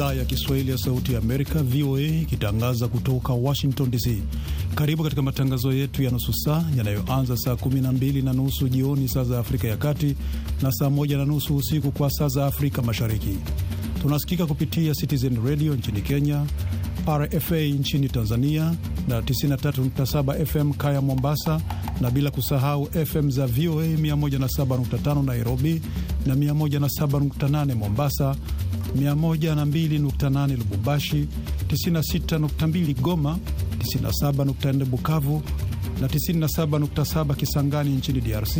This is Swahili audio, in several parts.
idhaa ya Kiswahili ya Sauti ya Amerika, VOA, ikitangaza kutoka Washington DC. Karibu katika matangazo yetu ya nusu saa yanayoanza saa 12 na nusu jioni saa za Afrika ya Kati na saa 1 na nusu usiku kwa saa za Afrika Mashariki. Tunasikika kupitia Citizen Radio nchini Kenya, RFA nchini Tanzania na 93.7 FM Kaya Mombasa, na bila kusahau FM za VOA 107.5 Nairobi na 107.8 Mombasa, 102.8 Lubumbashi, 96.2 Goma, 97.4 Bukavu na 97.7 Kisangani nchini DRC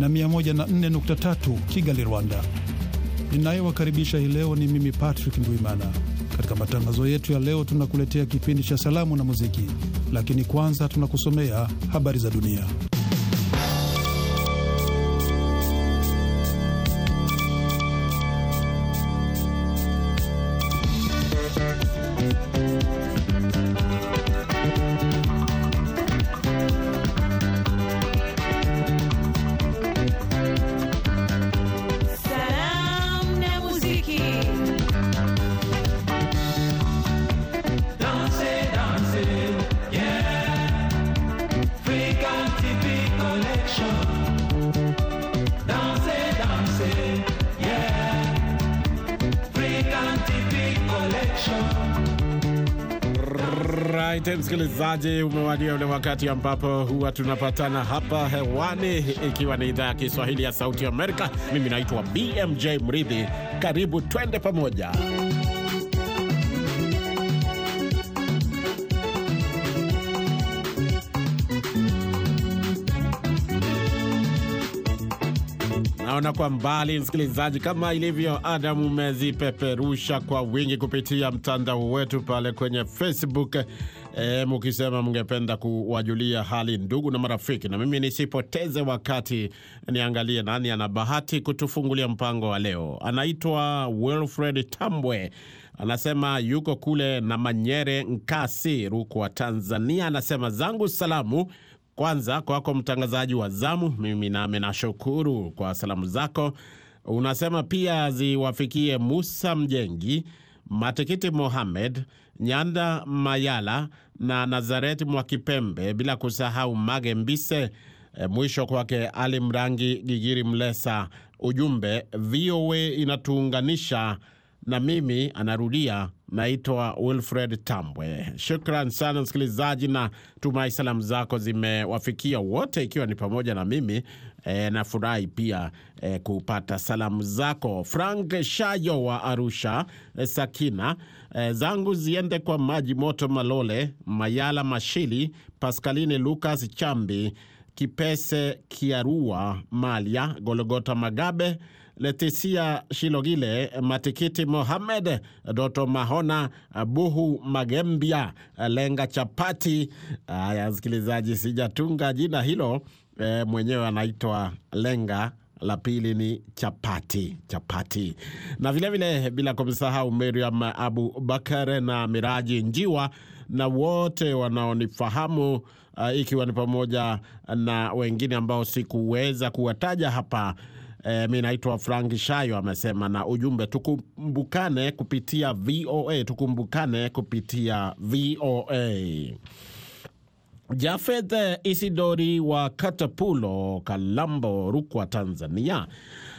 na 104.3 Kigali, Rwanda. Ninayewakaribisha hii leo ni mimi Patrick Ndwimana. Katika matangazo yetu ya leo tunakuletea kipindi cha salamu na muziki, lakini kwanza tunakusomea habari za dunia. msikilizaji, umewadia ule wakati ambapo huwa tunapatana hapa hewani, ikiwa ni idhaa ya Kiswahili ya Sauti Amerika. Mimi naitwa BMJ Mridhi, karibu twende pamoja. Naona kwa mbali, msikilizaji, kama ilivyo adamu umezipeperusha kwa wingi kupitia mtandao wetu pale kwenye Facebook E, mukisema mngependa kuwajulia hali ndugu na marafiki, na mimi nisipoteze wakati niangalie nani ana bahati kutufungulia mpango wa leo. Anaitwa Wilfred Tambwe, anasema yuko kule na Manyere, Nkasi, wa Tanzania. Anasema zangu salamu kwanza kwako mtangazaji wa zamu, mimi nami nashukuru kwa salamu zako. Unasema pia ziwafikie Musa Mjengi, Matikiti Mohamed Nyanda Mayala na Nazaret Mwakipembe, bila kusahau Mage Mbise. E, mwisho kwake Ali Mrangi Gigiri Mlesa. Ujumbe VOA inatuunganisha na mimi, anarudia Naitwa Wilfred Tambwe. Shukran sana msikilizaji, na tumai salamu zako zimewafikia wote, ikiwa ni pamoja na mimi e, eh, nafurahi pia e, kupata salamu zako. Frank Shayo wa Arusha, e, Sakina e, zangu ziende kwa Maji Moto Malole, Mayala Mashili, paskalini Lukas Chambi, Kipese Kiarua, malya Gologota Magabe Letisia Shilogile, Matikiti Mohamed, Doto Mahona, Buhu Magembia, Lenga Chapati. Haya, msikilizaji, sijatunga jina hilo e, mwenyewe anaitwa Lenga la pili ni chapati chapati, na vilevile vile, bila kumsahau Miriam Abu Bakar na Miraji Njiwa na wote wanaonifahamu uh, ikiwa ni pamoja na wengine ambao sikuweza kuwataja hapa eh, mi naitwa Frank Shayo amesema, na ujumbe tukumbukane kupitia VOA, tukumbukane kupitia VOA. Jafeth Isidori wa Katapulo, Kalambo, Rukwa, Tanzania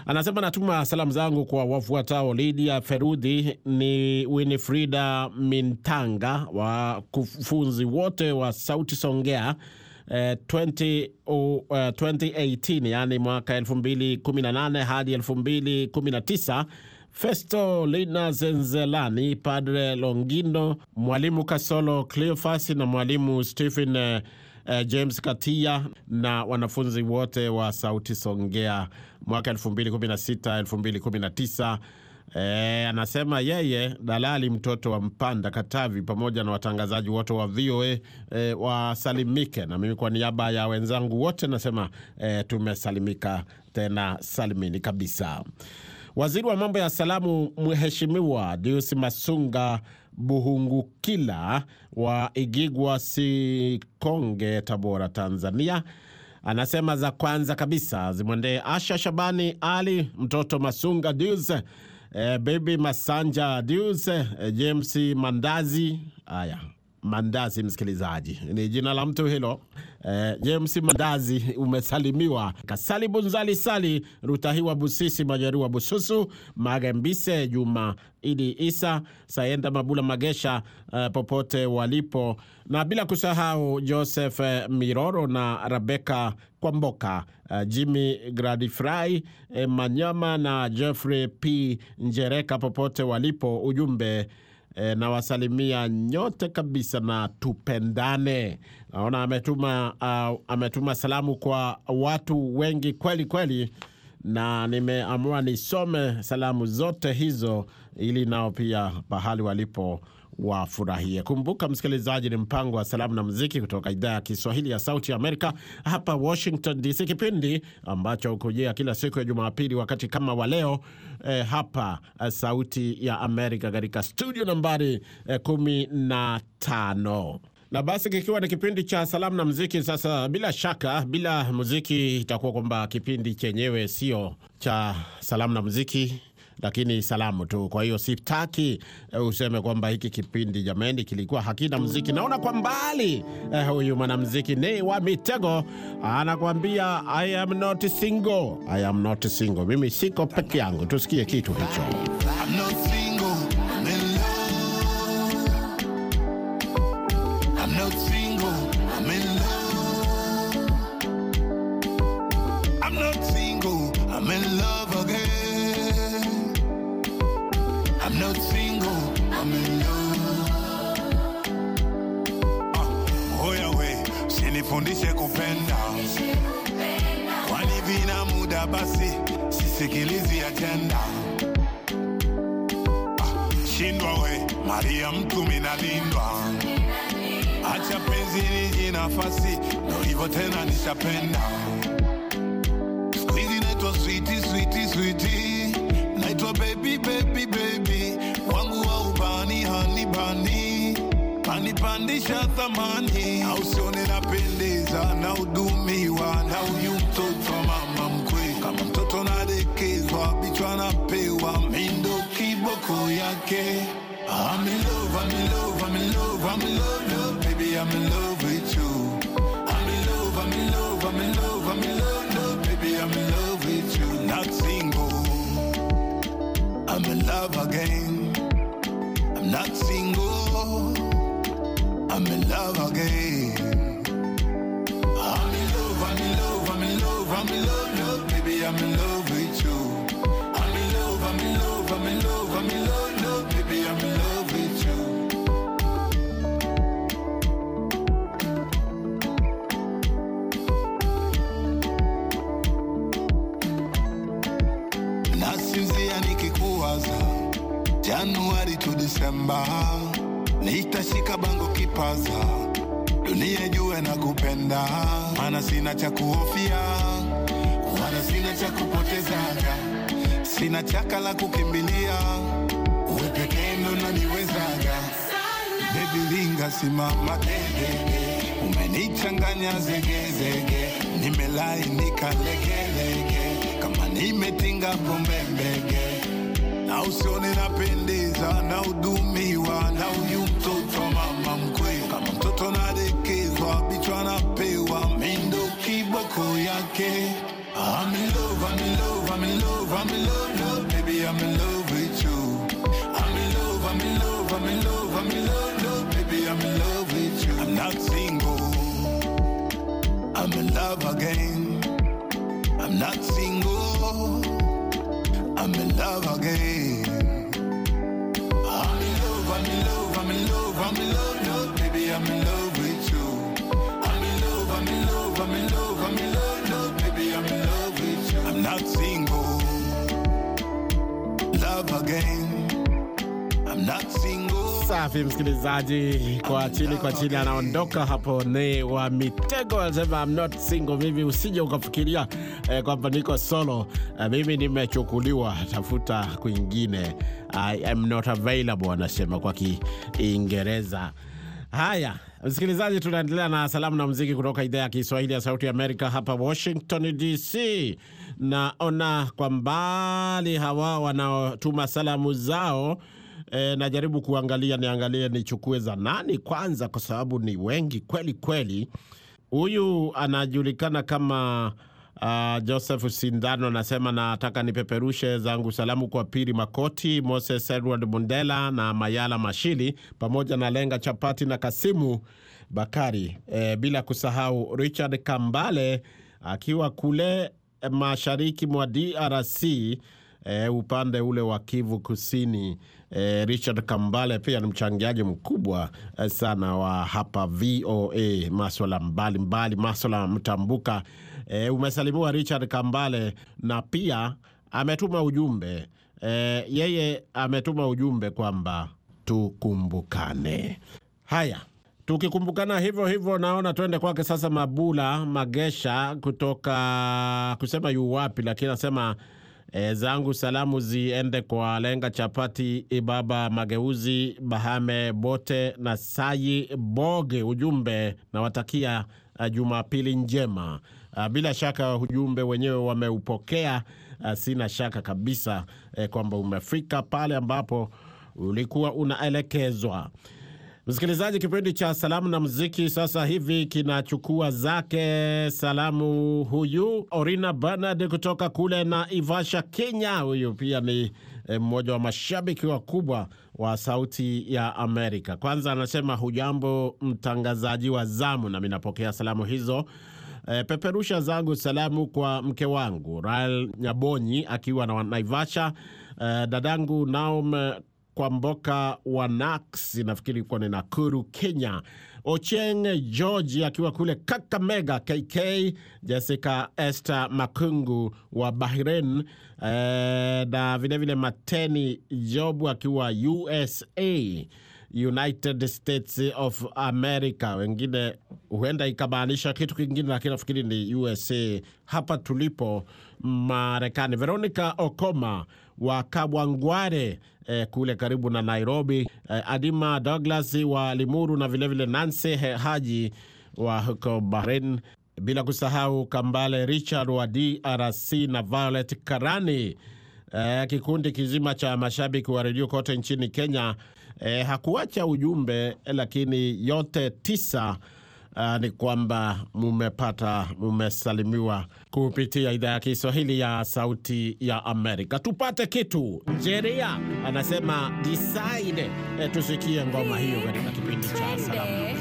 anasema natuma salamu zangu kwa wafuatao: Lidia Ferudhi, ni Winifrida Mintanga, wakufunzi wote wa Sauti Songea 2018 eh, eh, yani mwaka 2018 hadi 2019. Festo Lina Zenzelani, Padre Longino, Mwalimu Kasolo Cleofas na Mwalimu Stephen eh, James Katia na wanafunzi wote wa Sauti Songea mwaka 2016 2019 E, anasema yeye dalali mtoto wa Mpanda Katavi pamoja na watangazaji wote wa VOA e, eh, wasalimike. Na mimi kwa niaba ya wenzangu wote nasema e, tumesalimika tena salimini kabisa. Waziri wa mambo ya salamu Mheshimiwa Dius Masunga Buhungukila wa Igigwa Sikonge, Tabora, Tanzania anasema za kwanza kabisa zimwendee Asha Shabani Ali, mtoto Masunga Dius eh, Baby Masanja Deus, eh, James Mandazi. Haya, Mandazi. Msikilizaji, ni jina la mtu hilo eh, James Mandazi. Umesalimiwa Kasali Bunzali Sali Rutahiwa Busisi majariwa Bususu Magembise Juma Idi Isa Sayenda Mabula Magesha eh, popote walipo, na bila kusahau Joseph eh, Miroro na Rebeka Kwamboka, eh, Jimmy Gradifry eh, Manyama na Jeffrey P Njereka popote walipo. Ujumbe e, nawasalimia nyote kabisa na tupendane. Naona ametuma, uh, ametuma salamu kwa watu wengi kweli kweli, na nimeamua nisome salamu zote hizo ili nao pia pahali walipo wafurahie. Kumbuka msikilizaji, ni mpango wa salamu na muziki kutoka idhaa ya Kiswahili ya Sauti Amerika hapa Washington DC, kipindi ambacho hukujia kila siku ya Jumapili wakati kama wa leo eh, hapa eh, Sauti ya Amerika katika studio nambari eh, na tano na basi kikiwa ni kipindi cha salamu na muziki. Sasa bila shaka, bila muziki itakuwa kwamba kipindi chenyewe sio cha salamu na muziki lakini salamu tu. Kwa hiyo sitaki eh, useme kwamba hiki kipindi jamani kilikuwa hakina mziki. Naona kwa mbali eh, huyu mwanamziki ni wa Mitego anakuambia I am not single. I am not single, mimi siko peke yangu. Tusikie kitu hicho. Sikilizi ajenda ah, shindwa we Maria mtumi nalindwa, acha penzi liji nafasi ndo hivyo tena, nishapenda squeeze naitwa sweetie sweetie sweetie, naitwa baby baby baby wangu wa ubani hani bani anipandisha thamani, au sione napendeza na udumiwa na uyu mtoto mama wapi tunapewa mindo kiboko yake I'm in love, I'm in love, I'm in love, I'm in love, love, baby, I'm in love with you. I'm in love, I'm in love, I'm in love, I'm in love, love, baby, I'm in love with you. Not single, I'm in love again. I'm not single, I'm in love again. I'm in love, I'm in love, I'm in love, I'm in love, love, baby, I'm in love. Januari tu Disemba, nitashika bango kipaza, dunia jue na kupenda, mana sina cha kuhofia, wala sina cha kupotezaga, sina chaka la kukimbilia, uwe pekee ndo naniwezaga. Baby linga, simama dede, umenichanganya zegezege, nimelainika legelege, kama nimetinga pombe mbege Now sunning up in a and now do me one. Now you told from my mom quick. I'm to turn out the case, what be trying to pay. one. mean do keep I'm in love, I'm in love, I'm in love, I'm in love, love, baby, I'm in love with you. I'm in love, I'm in love, I'm in love, I'm in love, love, baby, I'm in love with you. I'm not single, I'm in love again. I'm not single. I'm in love again. I'm in love, I'm in love, I'm in love, I'm in love, love, baby, I'm in love with you. I'm in love, I'm in love, I'm in love, I'm in love, love, baby, I'm in love with you. I'm not single. Love again. Safi msikilizaji, kwa chini kwa chini anaondoka hapo. Ni wa mitego anasema I'm not single. Mimi usije ukafikiria eh, kwamba niko solo eh, mimi nimechukuliwa, tafuta kwingine. I am not available, anasema kwa Kiingereza. Haya, msikilizaji, tunaendelea na salamu na mziki kutoka idhaa ya Kiswahili ya Sauti Amerika hapa Washington DC. Naona kwa mbali hawa wanaotuma salamu zao e, najaribu kuangalia, niangalie nichukue za nani kwanza, kwa sababu ni wengi kweli kweli. Huyu anajulikana kama Uh, Joseph Sindano anasema nataka nipeperushe zangu salamu kwa Piri Makoti, Moses Edward Mundela na Mayala Mashili pamoja na Lenga Chapati na Kasimu Bakari, e, bila kusahau Richard Kambale akiwa kule mashariki mwa DRC e, upande ule wa Kivu Kusini. E, Richard Kambale pia ni mchangiaji mkubwa e, sana wa hapa VOA, maswala mbalimbali, maswala mtambuka E, umesalimiwa Richard Kambale na pia ametuma ujumbe e, yeye ametuma ujumbe kwamba tukumbukane. Haya, tukikumbukana hivyo hivyo, naona tuende kwake sasa. Mabula Magesha kutoka kusema yu wapi, lakini anasema e, zangu salamu ziende kwa Lenga Chapati, Ibaba Mageuzi, Bahame Bote na Sayi Boge. Ujumbe nawatakia e, Jumapili njema. Ah, bila shaka ujumbe wenyewe wameupokea, ah, sina shaka kabisa eh, kwamba umefika pale ambapo ulikuwa unaelekezwa. Msikilizaji, kipindi cha salamu na muziki sasa hivi kinachukua zake salamu. Huyu Orina Bernard kutoka kule na Ivasha, Kenya. Huyu pia ni eh, mmoja wa mashabiki wakubwa wa Sauti ya Amerika. Kwanza anasema hujambo mtangazaji wa zamu, nami napokea salamu hizo e, peperusha zangu salamu kwa mke wangu Rael Nyabonyi akiwa na Naivasha, e, dadangu Naom eh, kwa mboka wa Nax, nafikiri kuwa ni Nakuru, Kenya. Ocheng George akiwa kule Kakamega, KK Jessica Esther Makungu wa Bahrain, na vilevile Mateni Jobu akiwa USA. United States of America, wengine huenda ikamaanisha kitu kingine, lakini nafikiri ni USA hapa tulipo Marekani. Veronica Okoma wa Kabwangware eh, kule karibu na Nairobi eh, Adima Douglas wa Limuru na vilevile Nancy Haji wa huko Bahrain, bila kusahau Kambale Richard wa DRC na Violet Karani eh, kikundi kizima cha mashabiki wa redio kote nchini Kenya e, hakuacha ujumbe, lakini yote tisa Uh, ni kwamba mumepata mumesalimiwa kupitia idhaa ya Kiswahili ya Sauti ya Amerika. Tupate kitu Njeria anasema disaide E, tusikie ngoma hiyo katika kipindi cha salamu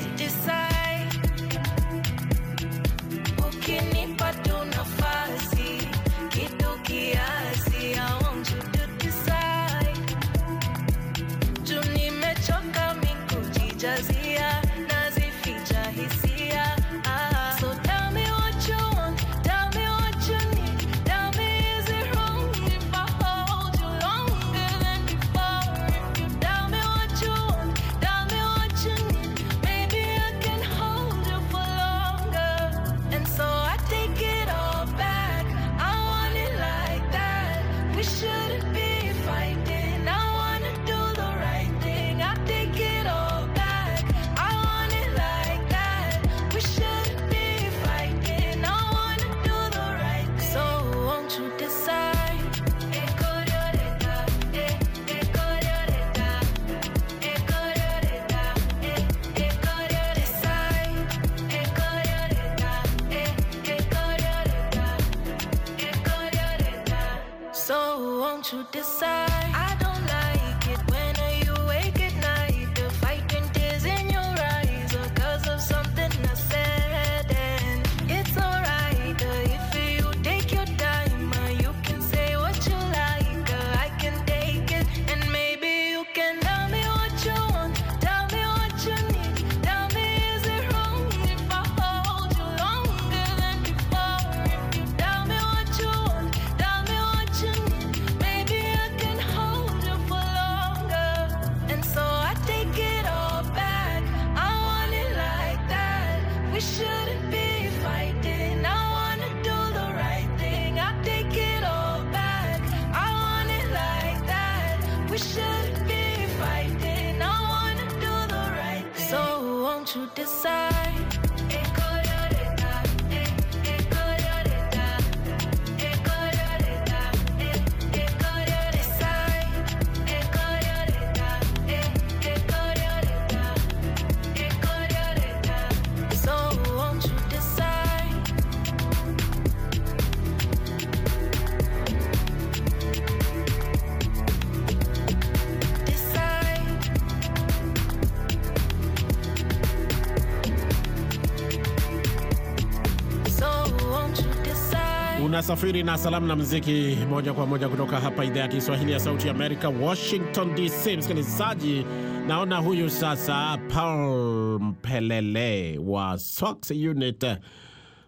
you decide to decide Safiri na salamu na mziki moja kwa moja kutoka hapa idhaa ya Kiswahili ya Sauti Amerika, Washington DC. Msikilizaji, naona huyu sasa Paul Mpelele wa Sox Unit,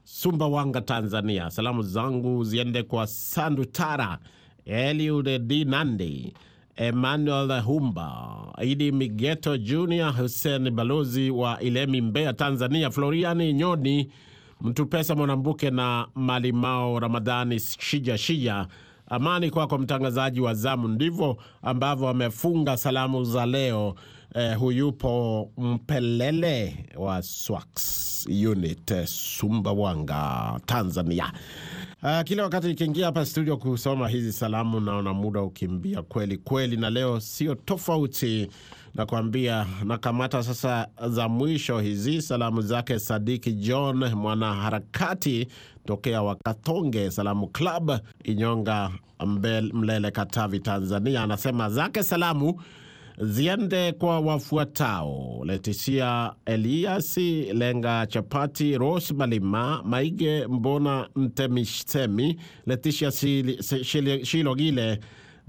Sumbawanga, Tanzania. Salamu zangu ziende kwa Sandutara, Eliud D Nandi, Emmanuel Humba, Idi Migeto Junior, Hussein balozi wa Ilemi, mbea Tanzania, Floriani Nyoni Mtu Pesa Mwanambuke na Malimao Ramadhani Shija Shija. Amani kwako kwa mtangazaji wa zamu. Ndivyo ambavyo amefunga salamu za leo. Eh, huyupo Mpelele wa Swax Unit, Sumbawanga, Tanzania. Uh, kila wakati nikiingia hapa studio kusoma hizi salamu naona muda ukimbia kweli kweli, na leo sio tofauti nakuambia nakamata sasa za mwisho hizi salamu zake Sadiki John, mwanaharakati tokea Wakatonge Salamu Club, Inyonga Mbel, Mlele, Katavi, Tanzania, anasema zake salamu ziende kwa wafuatao: Letisia Eliasi Lenga Chapati, Ros Malima Maige, Mbona Mtemistemi, Letisia Shilogile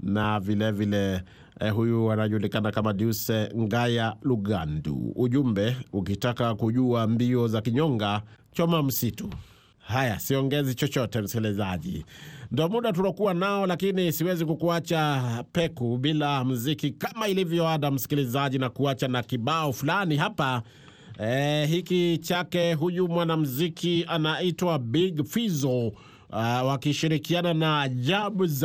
na vilevile vile eh, huyu anajulikana kama Duse Ngaya Lugandu. Ujumbe ukitaka kujua mbio za kinyonga, choma msitu. Haya, siongezi chochote msikilizaji, ndo muda tulokuwa nao, lakini siwezi kukuacha peku bila mziki kama ilivyo ada, msikilizaji, na kuacha na kibao fulani hapa. E, hiki chake huyu mwanamziki anaitwa Big Fizzo, uh, ah, wakishirikiana na Jabz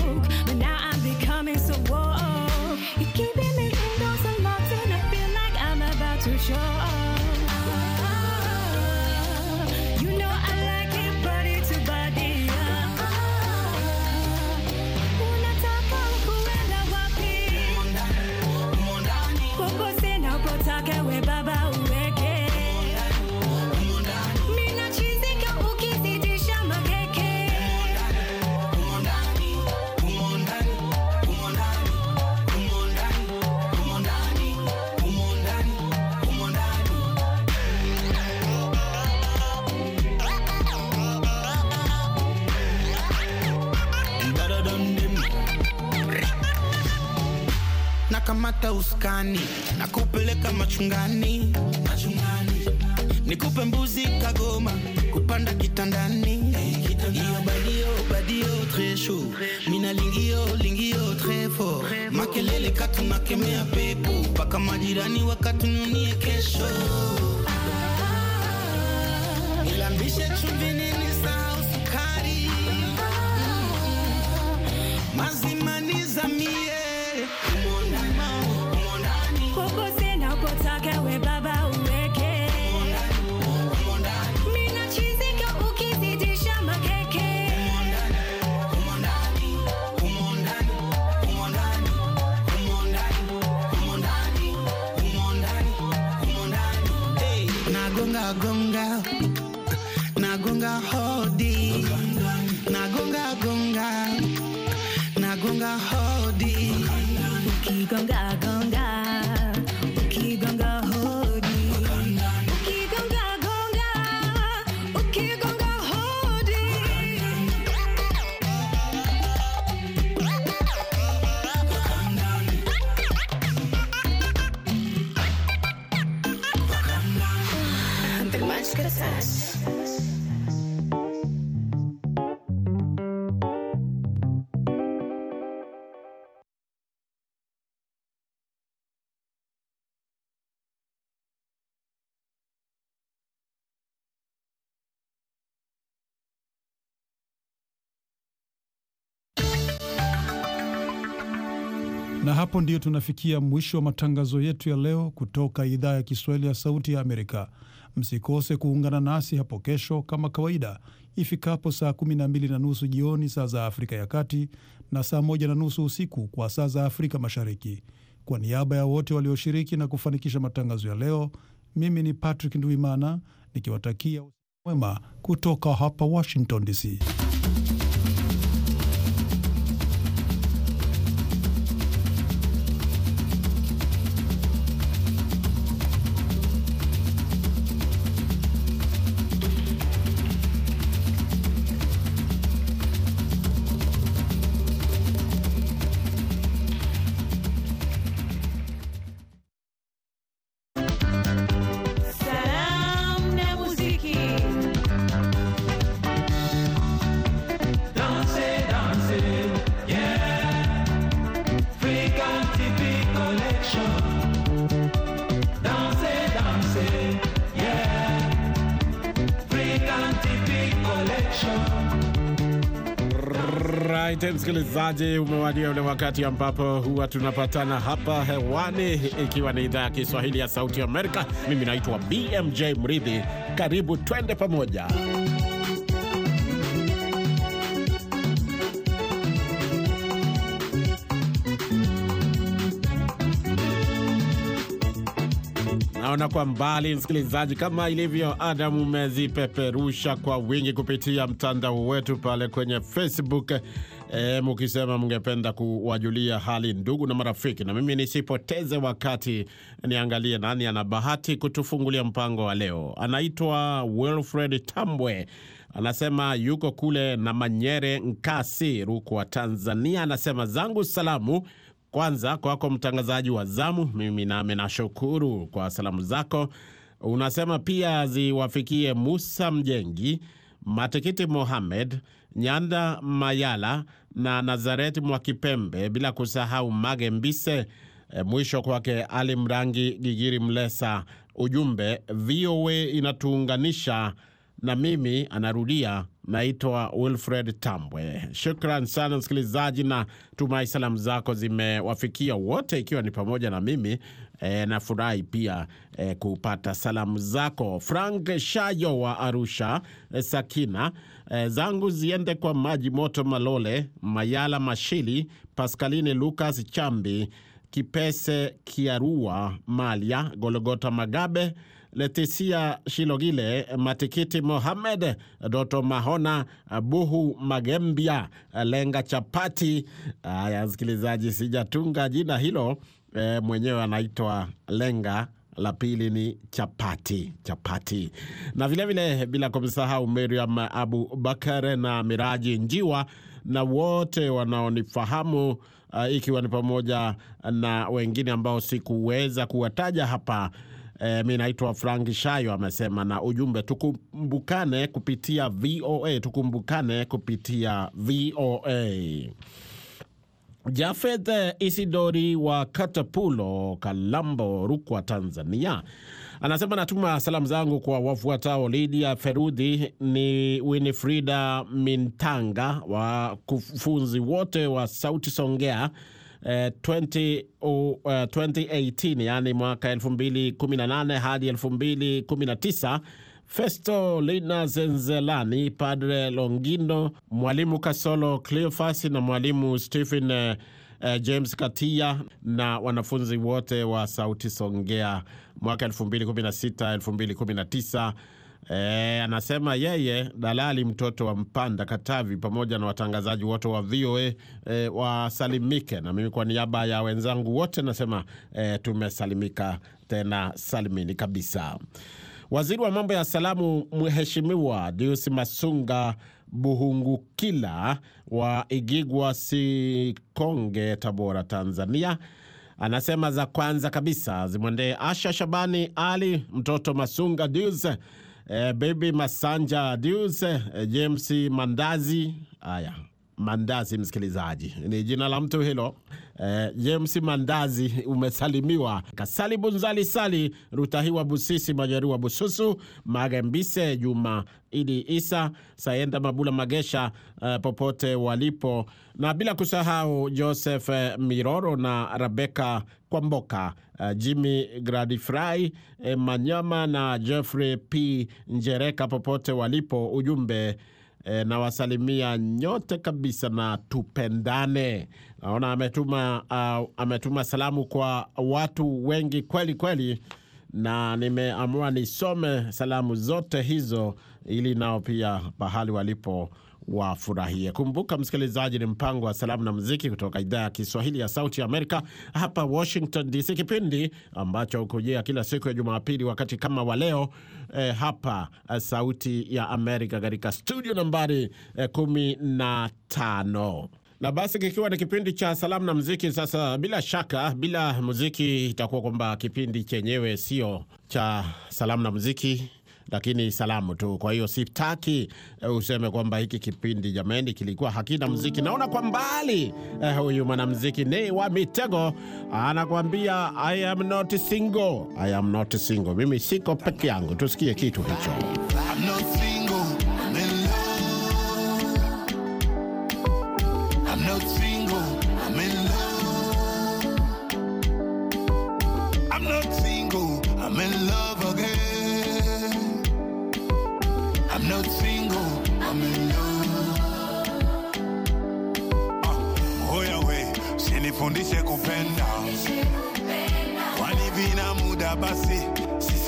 hata uskani na kupeleka machungani, machungani. Nikupe mbuzi Kagoma kupanda kitandani hey, badio badio très chaud mina lingio lingio très fort makelele katunakemea pepo mpaka majirani wakatununie kesho ilambishe chumvini gonna go. Na hapo ndiyo tunafikia mwisho wa matangazo yetu ya leo kutoka idhaa ya Kiswahili ya Sauti ya Amerika. Msikose kuungana nasi hapo kesho kama kawaida ifikapo saa 12 na nusu jioni saa za Afrika ya Kati na saa 1 na nusu usiku kwa saa za Afrika Mashariki. Kwa niaba ya wote walioshiriki na kufanikisha matangazo ya leo, mimi ni Patrick Ndwimana nikiwatakia usiku mwema kutoka hapa Washington DC. Right, msikilizaji, umewadia ule wakati ambapo huwa tunapatana hapa hewani, ikiwa ni idhaa ya Kiswahili ya Sauti Amerika. Mimi naitwa BMJ Mridhi, karibu twende pamoja. Naona kwa mbali, msikilizaji, kama ilivyo ada, mmezipeperusha kwa wingi kupitia mtandao wetu pale kwenye Facebook e, mukisema mngependa kuwajulia hali ndugu na marafiki. Na mimi nisipoteze wakati, niangalie nani ana bahati kutufungulia mpango wa leo. Anaitwa Wilfred Tambwe, anasema yuko kule na Manyere, Nkasi, Rukwa, Tanzania. Anasema zangu salamu kwanza kwako mtangazaji wa zamu, mimi nami nashukuru kwa salamu zako. Unasema pia ziwafikie Musa Mjengi, Matikiti Mohamed, Nyanda Mayala na Nazareti Mwakipembe, bila kusahau Mage Mbise. E, mwisho kwake Ali Mrangi Gigiri Mlesa. Ujumbe VOA inatuunganisha na mimi, anarudia Naitwa Wilfred Tambwe. Shukran sana msikilizaji, na tumai salamu zako zimewafikia wote, ikiwa ni pamoja na mimi e, eh, nafurahi pia e, kupata salamu zako. Frank Shayo wa Arusha, e, Sakina e, zangu ziende kwa Maji Moto Malole, Mayala Mashili, paskalini lukas Chambi, Kipese Kiarua, Malia Gologota Magabe Letisia Shilogile, Matikiti Mohamed, Doto Mahona, Buhu Magembia, Lenga Chapati. aya msikilizaji, sijatunga jina hilo e, mwenyewe anaitwa Lenga la pili ni chapati chapati, na vilevile vile, bila kumsahau Miriam Abu Bakar na Miraji Njiwa na wote wanaonifahamu uh, ikiwa ni pamoja na wengine ambao sikuweza kuwataja hapa E, mi naitwa Frank Shayo amesema, na ujumbe tukumbukane kupitia VOA, tukumbukane kupitia VOA. Jafeth Isidori wa Katapulo, Kalambo, Rukwa, Tanzania anasema natuma salamu zangu kwa wafuatao: Lidia Ferudhi, ni Winifrida Mintanga, wakufunzi wote wa Sauti Songea 2018 eh, eh, yani mwaka 2018 hadi 2019. Festo Lina Zenzelani, Padre Longino, Mwalimu Kasolo Cleofas na Mwalimu Stephen eh, James Katia na wanafunzi wote wa Sauti Songea mwaka 2016 2019 E, anasema yeye dalali mtoto wa Mpanda Katavi pamoja na watangazaji wote wa VOA e, wasalimike. Na mimi kwa niaba ya wenzangu wote nasema e, tumesalimika tena salimini kabisa. Waziri wa mambo ya salamu Mheshimiwa Dius Masunga Buhungukila wa Igigwa Sikonge, Tabora, Tanzania anasema za kwanza kabisa zimwendee Asha Shabani Ali, mtoto Masunga Dius eh, Baby Masanja Deus, eh, James Mandazi. Haya. Mandazi. Msikilizaji, ni jina la mtu hilo eh, James Mandazi. Umesalimiwa Kasali Bunzali Sali Rutahiwa Busisi majariwa Bususu Magembise Juma Idi Isa saenda Mabula Magesha eh, popote walipo, na bila kusahau Joseph eh, Miroro na rabeka Kwamboka, uh, Jimmy Gradifry eh, Manyama na Jeffrey P Njereka popote walipo. Ujumbe e, nawasalimia nyote kabisa na tupendane. Naona ametuma, uh, ametuma salamu kwa watu wengi kweli kweli, na nimeamua nisome salamu zote hizo ili nao pia pahali walipo wafurahie. Kumbuka msikilizaji, ni mpango wa salamu na muziki kutoka idhaa ya Kiswahili ya Sauti ya Amerika hapa Washington DC, kipindi ambacho hukujia kila siku ya Jumapili wakati kama wa leo eh, hapa eh, Sauti ya Amerika katika studio nambari eh, kumi na tano na basi kikiwa ni kipindi cha salamu na muziki. Sasa bila shaka, bila muziki itakuwa kwamba kipindi chenyewe sio cha salamu na muziki lakini salamu tu. Kwa hiyo sitaki eh, useme kwamba hiki kipindi jameni kilikuwa hakina mziki. Naona kwa mbali eh, huyu mwanamziki ni wa Mitego anakuambia I am not single. I am not single, mimi siko peke yangu. Tusikie kitu hicho.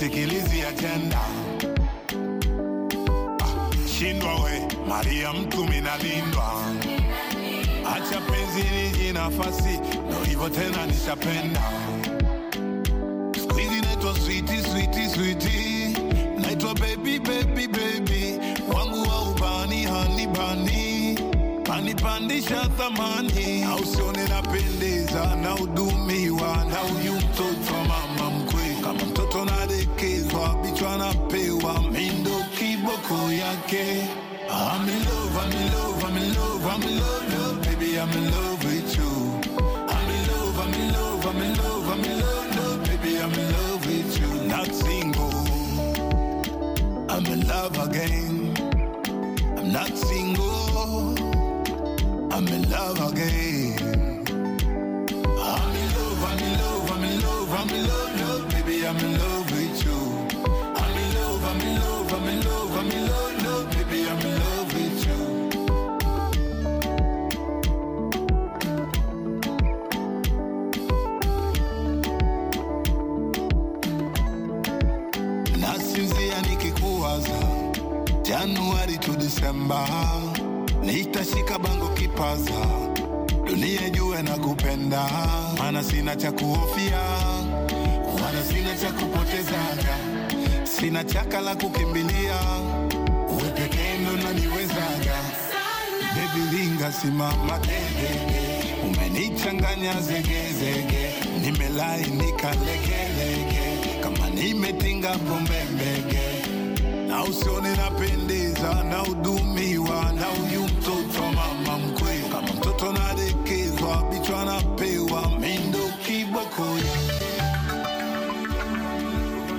sikilizi ajenda ah, shindwa we Maria mtumi nalindwa acha penzi liji nafasi ndo hivyo tena nishapenda skuizi naitwa switi switi switi naitwa baby baby baby wangu wa ubani hani thamani au sione napendeza na hudumiwa Koyake. I'm in love, I'm in love, I'm in love, I'm in love, love, baby, I'm in love with you. I'm in love, I'm in love, I'm in love, I'm in love, love, baby, I'm in love with you. Not single, I'm in love again. I'm not single, I'm in love again. I'm in love, I'm in love, I'm in love, I'm in love, love, baby, I'm in love. Novemba, nitashika bango kipaza, dunia jue na kupenda, mana sina cha kuhofia, wala sina cha kupotezana, sina chaka la kukimbilia, wepekendo naniwezaga. Baby linga, simama degedege, umenichanganya zegezege, nimelainika legelege, kama nimetinga pombembege mbege na usione na udumiwa na uyu mtoto mama mkwe kama mtoto nadekezwa bichwa napewa mindo kiboko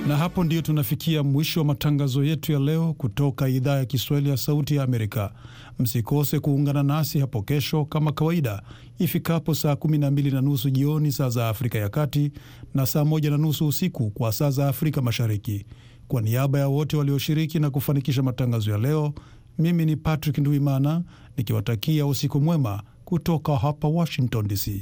na hapo ndio tunafikia mwisho wa matangazo yetu ya leo kutoka idhaa ya Kiswahili ya Sauti ya Amerika. Msikose kuungana nasi hapo kesho kama kawaida ifikapo saa 12 na nusu jioni saa za Afrika ya Kati na saa 1 na nusu usiku kwa saa za Afrika Mashariki. Kwa niaba ya wote walioshiriki na kufanikisha matangazo ya leo, mimi ni Patrick Ndwimana nikiwatakia usiku mwema kutoka hapa Washington DC.